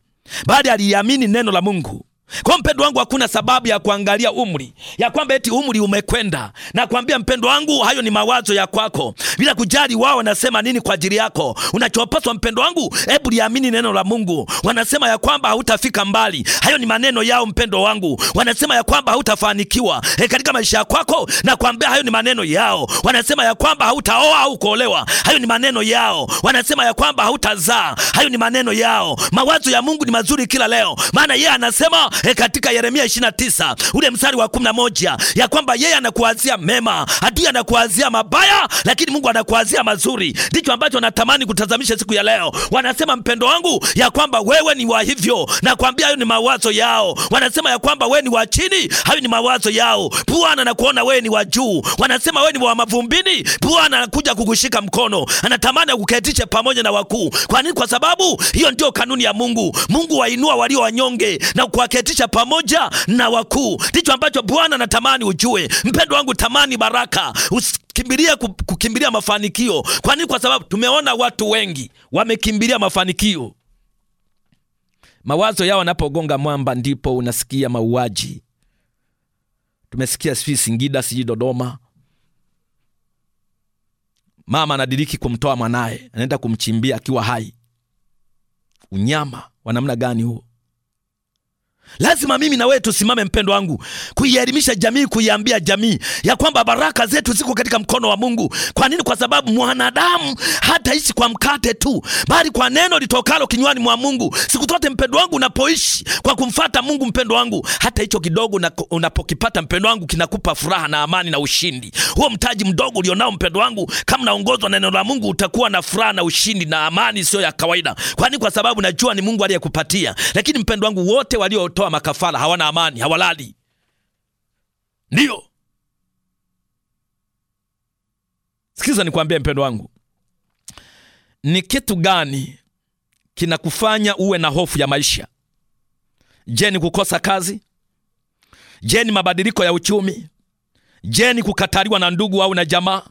bali aliamini neno la Mungu. Kwa mpendo wangu, hakuna sababu ya kuangalia umri, ya kwamba eti umri umekwenda. Nakwambia mpendo wangu, hayo ni mawazo ya kwako, bila kujali wao wanasema nini kwa ajili yako. Unachopaswa mpendo wangu, hebu liamini neno la Mungu. Wanasema ya kwamba hautafika mbali, hayo ni maneno yao. Mpendo wangu, wanasema ya kwamba hautafanikiwa e, katika maisha ya kwako, nakwambia hayo ni maneno yao. Wanasema ya kwamba hautaoa au kuolewa, hayo ni maneno yao. Wanasema ya kwamba hautazaa, hayo ni maneno yao. Mawazo ya Mungu ni mazuri kila leo, maana yeye anasema e, katika Yeremia 29 ule mstari wa 11 ya kwamba yeye anakuwazia mema, adui anakuwazia mabaya, lakini Mungu anakuazia mazuri. Ndicho ambacho natamani kutazamisha siku ya leo. Wanasema mpendo wangu ya kwamba wewe ni wa hivyo, na kwambia hayo ni mawazo yao. Wanasema ya kwamba wewe ni wa chini, hayo ni mawazo yao. Bwana anakuona wewe ni wa juu. Wanasema wewe ni wa mavumbini, Bwana anakuja kukushika mkono, anatamani akuketishe pamoja na wakuu. Kwa nini? Kwa sababu hiyo ndio kanuni ya Mungu. Mungu wainua walio wanyonge na kuwaketi kujipitisha pamoja na wakuu. Ndicho ambacho Bwana anatamani ujue. Mpendo wangu, tamani baraka Us kimbilia kukimbilia mafanikio. Kwa nini? Kwa sababu tumeona watu wengi wamekimbilia mafanikio. Mawazo yao yanapogonga mwamba, ndipo unasikia mauaji. Tumesikia sijui Singida, sijui Dodoma, mama anadiriki kumtoa mwanaye, anaenda kumchimbia akiwa hai. Unyama wa namna gani huo? Lazima mimi na wewe tusimame, mpendo wangu, kuielimisha jamii, kuiambia jamii ya kwamba baraka zetu ziko katika mkono wa Mungu. Kwa nini? Kwa sababu mwanadamu hataishi kwa mkate tu, bali kwa neno litokalo kinywani mwa Mungu. Siku zote mpendo wangu, unapoishi kwa kumfata Mungu, mpendo wangu, hata hicho kidogo unapokipata mpendo wangu, kinakupa furaha na amani na ushindi. Huo mtaji mdogo ulionao mpendo wangu, kama unaongozwa na neno la Mungu, utakuwa na furaha na ushindi na amani sio ya kawaida. nini? Kwa sababu najua ni Mungu aliyekupatia. Lakini mpendo wangu, wote walio kutoa makafala, hawana amani, hawalali. Ndiyo, sikiza nikwambie mpendo wangu, ni kitu gani kinakufanya uwe na hofu ya maisha? Je, ni kukosa kazi? Je, ni mabadiliko ya uchumi? Je, ni kukataliwa na ndugu au na jamaa?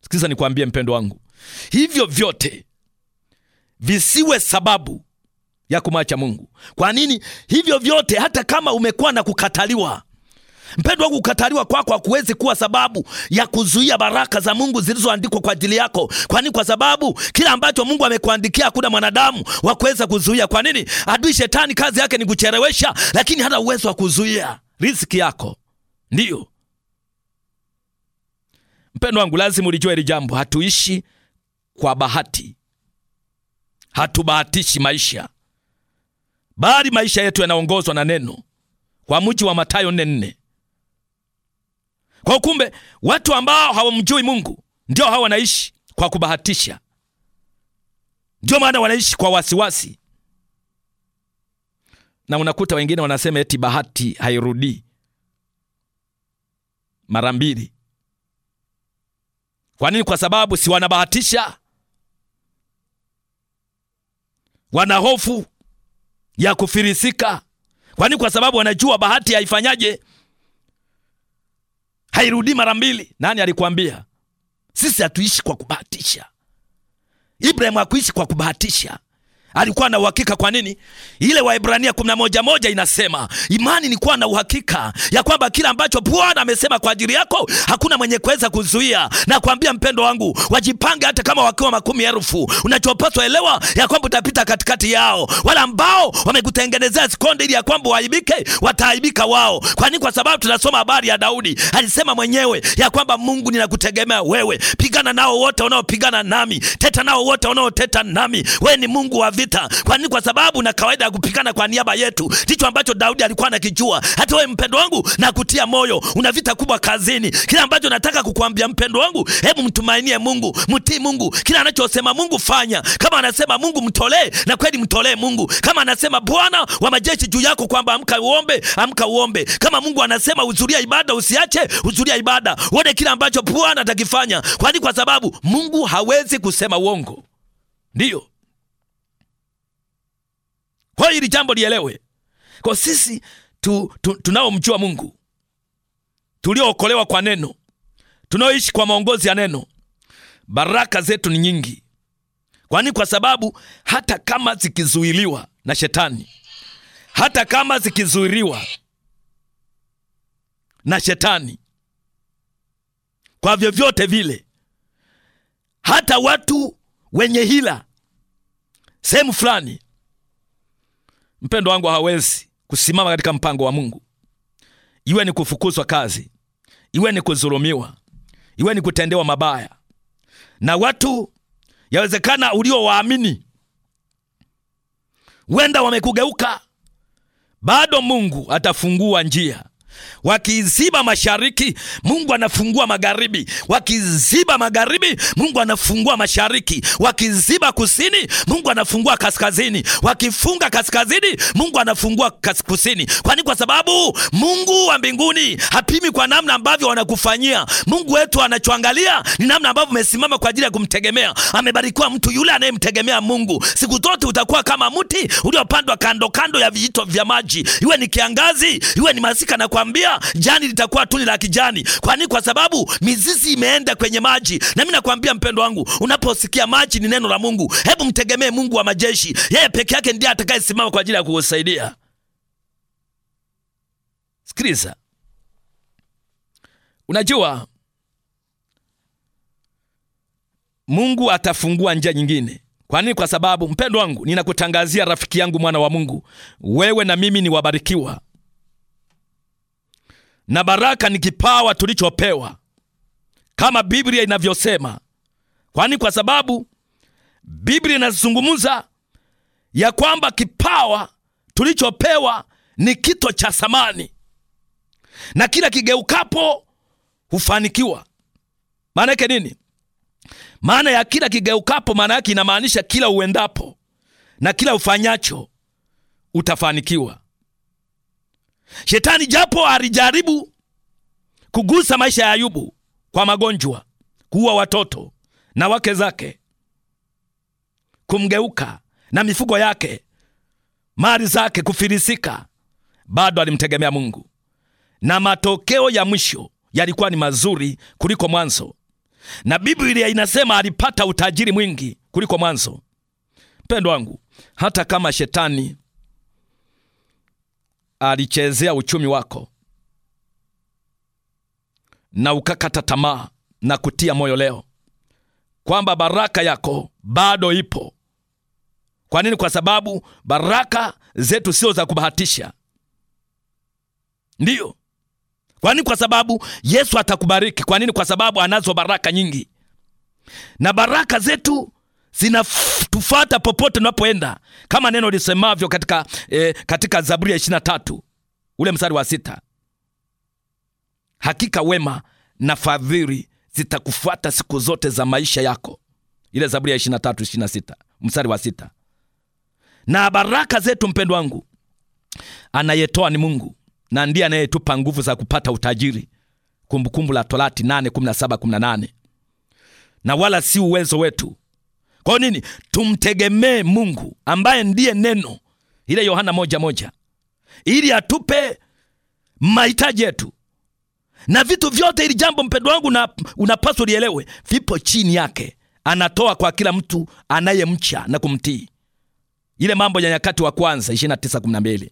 Sikiza nikwambie mpendo wangu, hivyo vyote visiwe sababu ya kumwacha Mungu. Kwa nini hivyo vyote? Hata kama umekuwa na kukataliwa, mpendwa, kukataliwa kwako hakuwezi kuwa sababu ya kuzuia baraka za Mungu zilizoandikwa kwa ajili yako. Kwa nini? Kwa sababu kila ambacho Mungu amekuandikia hakuna mwanadamu wa kuweza kuzuia. Kwa nini? Adui shetani kazi yake ni kuchelewesha, lakini hana uwezo wa kuzuia riziki yako. Ndiyo mpendwa wangu, lazima ulijua hili jambo. Hatuishi kwa bahati, hatubahatishi maisha bali maisha yetu yanaongozwa na neno, kwa mujibu wa Mathayo 4:4. Kwa kumbe watu ambao hawamjui Mungu ndio hawa wanaishi kwa kubahatisha, ndio maana wanaishi kwa wasiwasi, na unakuta wengine wanasema eti bahati hairudii mara mbili. Kwa nini? Kwa sababu si wanabahatisha, wana hofu ya kufirisika, kwani kwa sababu wanajua bahati haifanyaje, hairudi mara mbili. Nani alikuambia? Sisi hatuishi kwa kubahatisha. Ibrahimu hakuishi kwa kubahatisha. Alikuwa na uhakika. Kwa nini? Ile Waebrania kumi na moja moja inasema imani ni kuwa na uhakika ya kwamba kila ambacho Bwana amesema kwa ajili yako hakuna mwenye kuweza kuzuia. Na kuambia mpendo wangu, wajipange hata kama wakiwa makumi elfu. Unachopaswa elewa ya kwamba utapita katikati yao. Wale ambao wamekutengenezea sikonde ili ya kwamba waaibike, wataaibika wao. Kwa nini? Kwa sababu tunasoma habari ya Daudi, alisema mwenyewe ya kwamba Mungu, ninakutegemea wewe. Pigana nao wote wanaopigana nami, teta nao wote wanaoteta nami. Wewe ni Mungu wa sita. Kwa nini? Kwa sababu na kawaida ya kupigana kwa niaba yetu, ndicho ambacho Daudi alikuwa anakijua. Hata wewe mpendo wangu, nakutia moyo, una vita kubwa kazini. Kila ambacho nataka kukuambia mpendo wangu, hebu mtumainie Mungu, mtii Mungu. Kila anachosema Mungu fanya. Kama anasema Mungu mtolee, na kweli mtolee Mungu. Kama anasema Bwana wa majeshi juu yako kwamba amka uombe, amka uombe. Kama Mungu anasema uzuria ibada, usiache uzuria ibada. Uone kila ambacho Bwana atakifanya, kwani kwa sababu Mungu hawezi kusema uongo. Ndiyo kwa hiyo hili jambo lielewe, kwa sisi tu, tu, tunaomjua Mungu, tuliookolewa kwa neno, tunaoishi kwa maongozi ya neno, baraka zetu ni nyingi, kwani kwa sababu hata kama zikizuiliwa na shetani, hata kama zikizuiliwa na shetani kwa vyovyote vile, hata watu wenye hila sehemu fulani Mpendo wangu hawezi kusimama katika mpango wa Mungu, iwe ni kufukuzwa kazi, iwe ni kuzulumiwa iwe ni kutendewa mabaya na watu. Yawezekana uliowaamini wenda wamekugeuka, bado Mungu atafungua njia Wakiziba mashariki, Mungu anafungua magharibi. Wakiziba magharibi, Mungu anafungua mashariki. Wakiziba kusini, Mungu anafungua kaskazini. Wakifunga kaskazini, Mungu anafungua kusini. Kwani kwa sababu Mungu wa mbinguni hapimi kwa namna ambavyo wanakufanyia. Mungu wetu anachoangalia ni namna ambavyo umesimama kwa ajili ya kumtegemea. Amebarikiwa mtu yule anayemtegemea Mungu. Siku zote utakuwa kama mti uliopandwa kando kando ya vijito vya maji, iwe ni kiangazi, iwe ni masika na kwa nakwambia jani litakuwa tuni la kijani. nini? kwa sababu mizizi imeenda kwenye maji. mimi nakwambia mpendo wangu, unaposikia maji ni neno la Mungu, hebu mtegemee Mungu wa majeshi. Yeye peke yake ndiye atakayesimama kwa ajili ya kukusaidia. Sikiliza, unajua Mungu atafungua njia nyingine. Kwa nini? Kwa sababu mpendo wangu, ninakutangazia rafiki yangu, mwana wa Mungu, wewe na mimi ni wabarikiwa na baraka ni kipawa tulichopewa kama Biblia inavyosema, kwani kwa sababu Biblia inazungumza ya kwamba kipawa tulichopewa ni kito cha samani na kila kigeukapo hufanikiwa. Maana yake nini? Maana ya kila kigeukapo, maana yake inamaanisha kila uendapo na kila ufanyacho utafanikiwa. Shetani japo alijaribu kugusa maisha ya Ayubu kwa magonjwa, kuua watoto na wake zake, kumgeuka na mifugo yake, mali zake kufilisika, bado alimtegemea Mungu na matokeo ya mwisho yalikuwa ni mazuri kuliko mwanzo, na Biblia inasema alipata utajiri mwingi kuliko mwanzo. Mpendo wangu, hata kama shetani alichezea uchumi wako na ukakata tamaa, na kutia moyo leo kwamba baraka yako bado ipo. Kwa nini? Kwa sababu baraka zetu sio za kubahatisha, ndiyo. Kwa nini? Kwa sababu Yesu atakubariki. Kwa nini? Kwa sababu anazo baraka nyingi, na baraka zetu zinatufata popote tunapoenda, kama neno lisemavyo katika, eh, katika Zaburi ya ishirini na tatu ule mstari wa sita hakika wema na fadhili zitakufuata siku zote za maisha yako. Ile Zaburi ya ishirini na tatu ishirini na sita mstari wa sita. Na baraka zetu, mpendwa wangu, anayetoa ni Mungu na ndiye anayetupa nguvu za kupata utajiri. Kumbukumbu la Torati 8:17-18. Na wala si uwezo wetu kwa nini tumtegemee Mungu ambaye ndiye neno, ile Yohana moja moja, ili atupe mahitaji yetu na vitu vyote. Ili jambo mpendo wangu na unapaswa lielewe, vipo chini yake. Anatoa kwa kila mtu anayemcha na kumtii. Ile Mambo ya Nyakati wa Kwanza 29:12.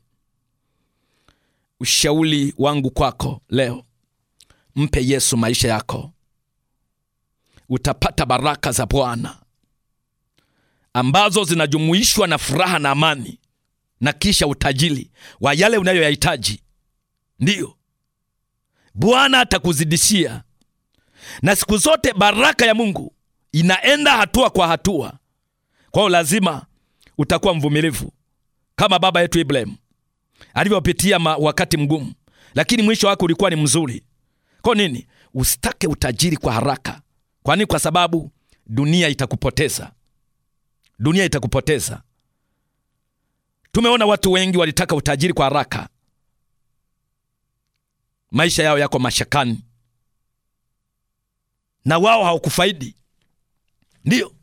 Ushauri wangu kwako leo, mpe Yesu maisha yako, utapata baraka za Bwana ambazo zinajumuishwa na furaha na amani na kisha utajiri wa yale unayoyahitaji. Ndiyo, Bwana atakuzidishia, na siku zote baraka ya Mungu inaenda hatua kwa hatua. Kwa hiyo lazima utakuwa mvumilivu kama baba yetu Ibrahimu alivyopitia wakati mgumu, lakini mwisho wake ulikuwa ni mzuri. Kwa nini usitake utajiri kwa haraka? Kwani kwa sababu dunia itakupoteza dunia itakupoteza. Tumeona watu wengi walitaka utajiri kwa haraka, maisha yao yako mashakani na wao hawakufaidi. ndio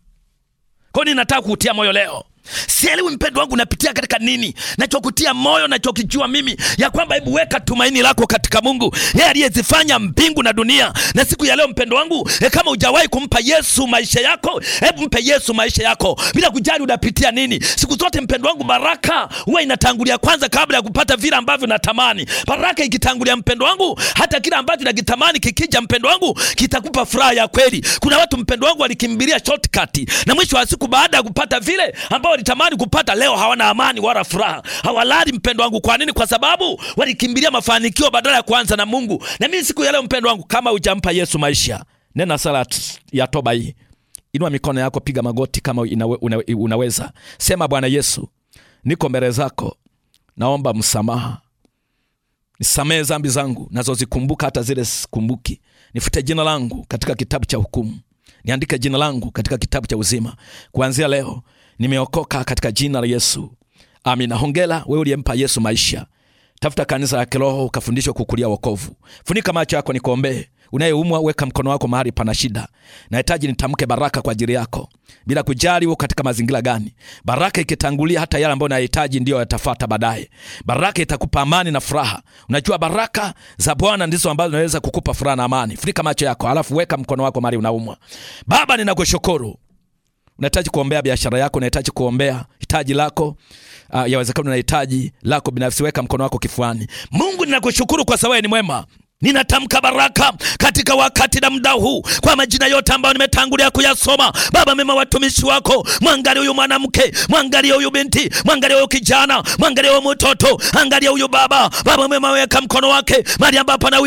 kwa nini nataka kutia moyo leo, Sielewi mpendo wangu napitia katika nini, nachokutia moyo, nachokijua mimi ya kwamba, hebu weka tumaini lako katika Mungu, yeye aliyezifanya mbingu na dunia. Na siku ya leo mpendo wangu e, kama hujawahi kumpa Yesu maisha yako, hebu mpe Yesu maisha yako, bila kujali unapitia nini. Siku zote mpendo wangu, baraka huwa inatangulia kwanza, kabla ya kupata vile ambavyo natamani. Baraka ikitangulia mpendo wangu, hata kile ambacho nakitamani kikija, mpendo wangu, kitakupa furaha ya kweli. Kuna watu mpendo wangu walikimbilia shortcut, na mwisho wa siku baada ya kupata vile ambao walitamani kupata leo hawana amani wala furaha, hawalali mpendo wangu. Kwa nini? Kwa sababu walikimbilia mafanikio badala ya kuanza na Mungu. Na mimi siku ya leo mpendo wangu, kama hujampa Yesu maisha, nena sala ya toba hii. Inua mikono yako, piga magoti kama unawe, una, unaweza sema, Bwana Yesu, niko mbele zako, naomba msamaha, nisamehe dhambi zangu nazozikumbuka hata zile sikumbuki, nifute jina langu katika kitabu cha hukumu, niandike jina langu katika kitabu cha uzima. Kuanzia leo nimeokoka katika jina la Yesu. Amina. Hongera wewe uliyempa Yesu maisha. Tafuta kanisa la kiroho ukafundishwa kukulia wokovu. Funika macho yako nikuombee. Unayeumwa weka mkono wako mahali pana shida. Nahitaji nitamke baraka kwa ajili yako, bila kujali uko katika mazingira gani. Baraka ikitangulia, hata yale ambayo unahitaji ndiyo yatafuata baadaye. Baraka itakupa amani na furaha. Unajua, baraka za Bwana ndizo ambazo zinaweza kukupa furaha na amani. Funika macho yako, alafu weka mkono wako mahali unaumwa. Baba, ninakushukuru unahitaji kuombea biashara yako, unahitaji kuombea hitaji lako. Uh, ah, yawezekana unahitaji hitaji lako binafsi, weka mkono wako kifuani. Mungu, ninakushukuru kwa sababu ni mwema. Ninatamka baraka katika wakati na muda huu kwa majina yote ambayo nimetangulia kuyasoma. Baba mema, watumishi wako, mwangalie huyu mwanamke, mwangalie huyu binti, mwangalie huyu kijana, mwangalie huyu mtoto, angalia huyu baba. Baba mema, weka mkono wake mahali ambapo ana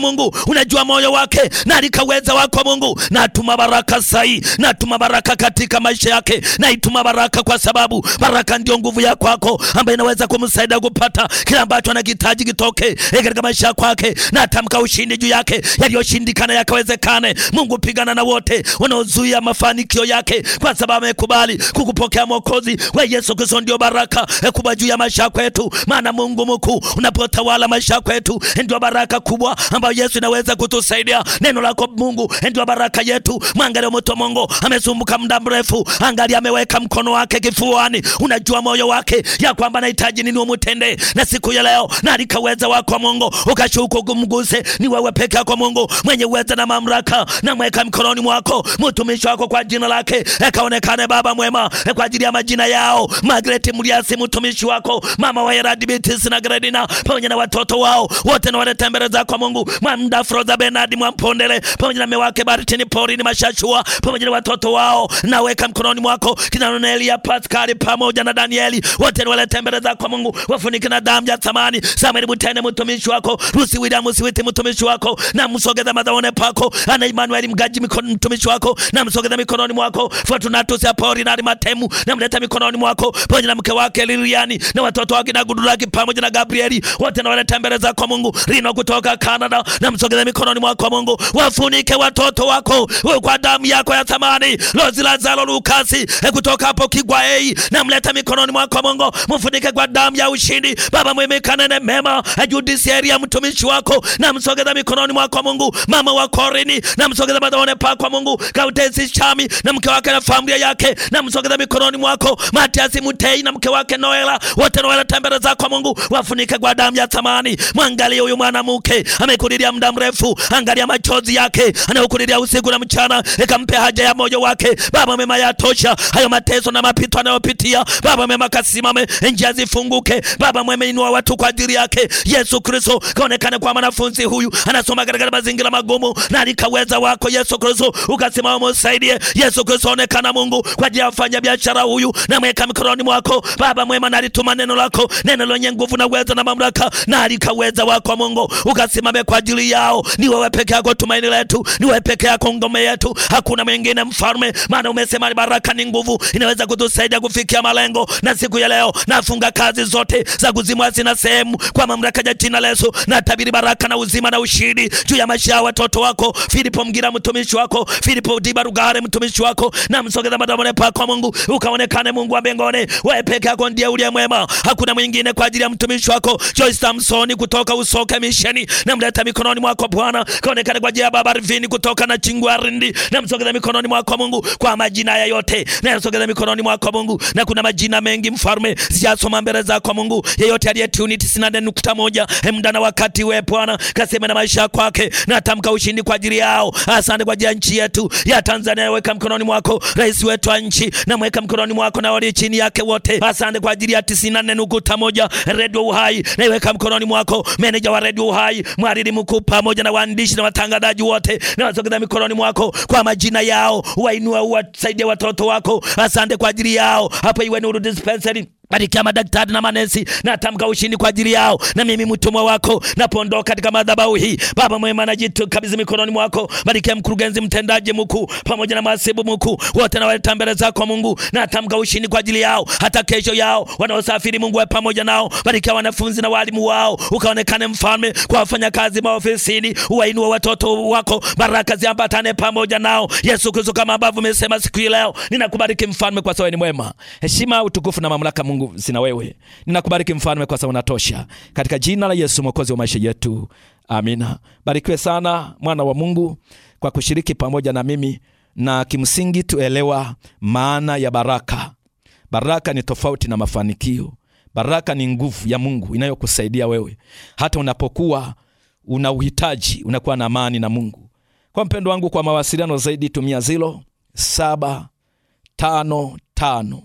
Mungu unajua moyo wake na alika uweza wako Mungu, natuma baraka sahi, natuma baraka katika maisha yake, naituma baraka kwa sababu baraka ndio nguvu ya kwako ambayo inaweza kumsaidia kupata kila ambacho anakihitaji kitoke eh, katika maisha yake na Tamka ushindi juu yake, yaliyoshindikana yakawezekane. Mungu, pigana na wote wanaozuia mafanikio yake, kwa sababu amekubali kukupokea Mwokozi wa Yesu Kristo. Ndio baraka eh, kubwa juu ya maisha yetu, maana Mungu mkuu, unapotawala maisha yetu, eh, ndio baraka kubwa ambayo Yesu inaweza kutusaidia. Neno lako Mungu eh, ndio baraka yetu. Mwangalie mtu wa Mungu amesumbuka muda mrefu, angalia ameweka mkono wake kifuani, unajua moyo wake ya kwamba anahitaji nini umtende, na siku ya leo na alikaweza wako Mungu ukashuka kumgusa Mose, ni wewe peke yako Mungu mwenye uweza na mamlaka. na mweka mkononi mwako mtumishi wako kwa jina lake, ekaonekane Baba mwema, e, kwa ajili ya majina yao Margaret Mliasi, mtumishi wako, mama wa Heradi Bitis na Gredina pamoja na watoto wao wote, na walete mbele zako Mungu. Mwamda Froza Bernard Mwampondele pamoja na mume wake Baritini Porini Mashashua pamoja na watoto wao, naweka mkononi mwako kina ya Pascal pamoja na Danieli wote, walete mbele zako Mungu, wafunike na damu ya thamani. Samuel Mutende mtumishi wako Rusi William Siwiti Timothy mtumishi wako, na msogeza madhaone pako. Ana Emmanuel Mgaji mikono mtumishi wako, na msogeza mikononi mwako. Fortunatus Apori na Matemu, na mleta mikononi mwako, pamoja na mke wake Liliani na watoto wake na Gudulaki pamoja na Gabrieli, wote na waleta mbele kwa Mungu. Rino kutoka Canada, na msogeza mikononi mwako Mungu. Wafunike watoto wako wewe kwa damu yako ya thamani. Lozi Lazaro Lukasi e kutoka hapo Kigwa A, na mleta mikononi mwako Mungu, mfunike kwa damu ya ushindi. Baba mwema, kanene mema, Judith Eria mtumishi wako na namsogeza mikononi mwako Mungu. Mama wa Korini namsogeza madaone pa kwa Mungu. Gaudesi Chami na mke wake na familia yake namsogeza mikononi mwako. Matias Mutei na mke wake Noela, wote Noela, tembele za kwa Mungu, wafunike kwa damu ya thamani. Mwangalie huyu mwanamke amekulilia muda mrefu, angalia machozi yake anayokulilia usiku na mchana, ikampe haja ya moyo wake. Baba mema, yatosha hayo mateso na mapito anayopitia. Baba mema, kasimame, njia zifunguke. Baba mwema, inua watu kwa ajili yake. Yesu Kristo kaonekane kwa wanafunzi mwanafunzi huyu anasoma katika mazingira magumu na alikaweza wako Yesu Kristo, ukasimama msaidie. Yesu Kristo, onekana Mungu kwa ajili ya wafanya biashara huyu, na mweka mikononi mwako Baba mwema, na alituma neno lako, neno lenye nguvu na uwezo na mamlaka, na alikaweza wako Mungu, ukasimame kwa ajili yao. Ni wewe peke yako tumaini letu, ni wewe peke yako ngome yetu, hakuna mwingine mfalme, maana umesema ni baraka ni nguvu inaweza kutusaidia kufikia malengo. Na siku ya leo nafunga kazi zote za kuzimwa, zina sehemu kwa mamlaka ya jina la Yesu, na tabiri baraka na uzi uzima na ushindi juu ya maisha ya watoto wako. Filipo Mgira mtumishi wako, Filipo Diba Rugare mtumishi wako, na msogeza madhabahuni pako Mungu, ukaonekane Mungu wa mbinguni. Wewe peke yako ndiye uliye mwema, hakuna mwingine kwa ajili ya mtumishi wako Joyce Samsoni kutoka Usoke Misheni, namleta mikononi mwako Bwana, kaonekane kwa ajili ya Baba Rivini kutoka na Chingwa Rindi, na msogeza mikononi mwako Mungu kwa majina ya yote, na msogeza mikononi mwako Mungu, na kuna majina mengi mfalme sijasoma mbele zako Mungu, yeyote aliye tuni 98.1 mdana wakati wewe Bwana kasema na maisha kwake, natamka ushindi kwa ajili yao. Asante kwa ajili ya nchi yetu ya Tanzania, weka mkononi mwako rais wetu wa nchi, namweka mkononi mwako na walio chini yake wote. Asante kwa ajili ya 94.1 redio Uhai, naiweka mkononi mwako meneja wa redio Uhai, mhariri mkuu, pamoja na waandishi na watangazaji wote, nawasogeza mikononi mwako kwa majina yao, wainua, uwasaidie watoto wako. Asante kwa ajili yao, hapo iwe nuru dispensary Barikia madaktari na manesi, natamka ushindi kwa ajili yao. Na mimi mtumwa wako napoondoka katika madhabahu hii, Baba mwema, kabisa mikononi mwako. Barikia mkurugenzi mtendaji mkuu pamoja na masibu mkuu wote, na waleta mbele zako Mungu, natamka ushindi kwa ajili yao, hata kesho yao wanaosafiri. Mungu wa pamoja nao, barikia wanafunzi na walimu wao, ukaonekane mfalme kwa wafanya kazi maofisini, uwainue watoto wako, baraka ziambatane pamoja nao. Yesu Kristo, kama ambavyo umesema siku hii leo, ninakubariki mfalme, kwa sababu ni mwema. Heshima, utukufu na mamlaka Mungu zangu zina wewe. Ninakubariki Mfalme kwa sababu unatosha, katika jina la Yesu mwokozi wa maisha yetu, amina. Barikiwe sana mwana wa Mungu kwa kushiriki pamoja na mimi, na kimsingi tuelewa maana ya baraka. Baraka ni tofauti na mafanikio. Baraka ni nguvu ya Mungu inayokusaidia wewe hata unapokuwa una uhitaji, unakuwa na amani na Mungu. Kwa mpendo wangu, kwa mawasiliano zaidi tumia zilo saba tano tano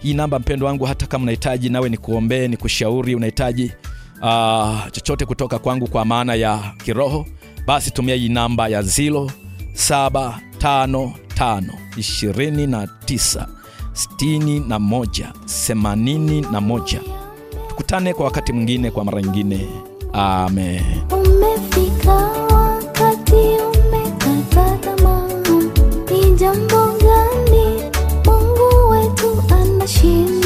hii namba mpendo wangu, hata kama unahitaji nawe nikuombee, kushauri unahitaji uh, chochote kutoka kwangu kwa maana ya kiroho, basi tumia hii namba ya zilo 755 Tukutane kwa wakati mwingine, kwa mara nyingine. Amen. Umefika wakati jambo gani Mungu wetu anashinda